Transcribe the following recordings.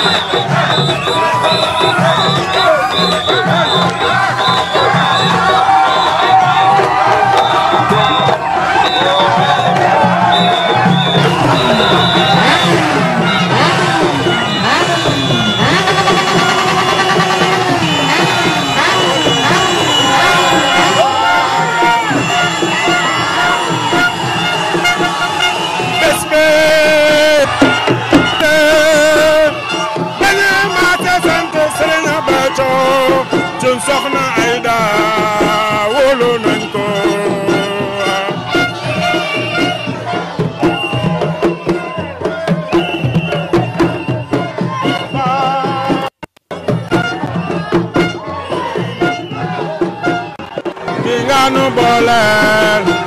Thank you. fayda wóolu nañ ko ki nga nu booleel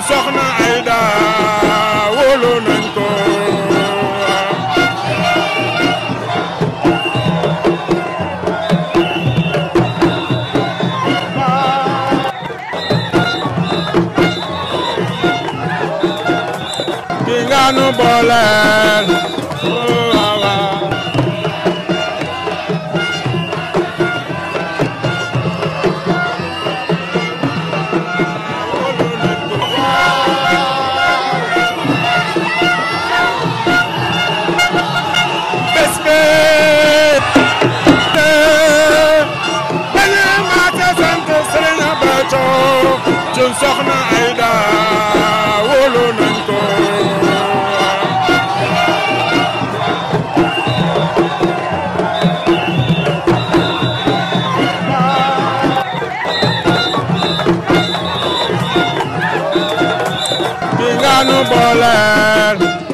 soxna Aida wóolu nañ ko ki nga nu booleel moom soxna Aida wóolu nañ ko nga nu boole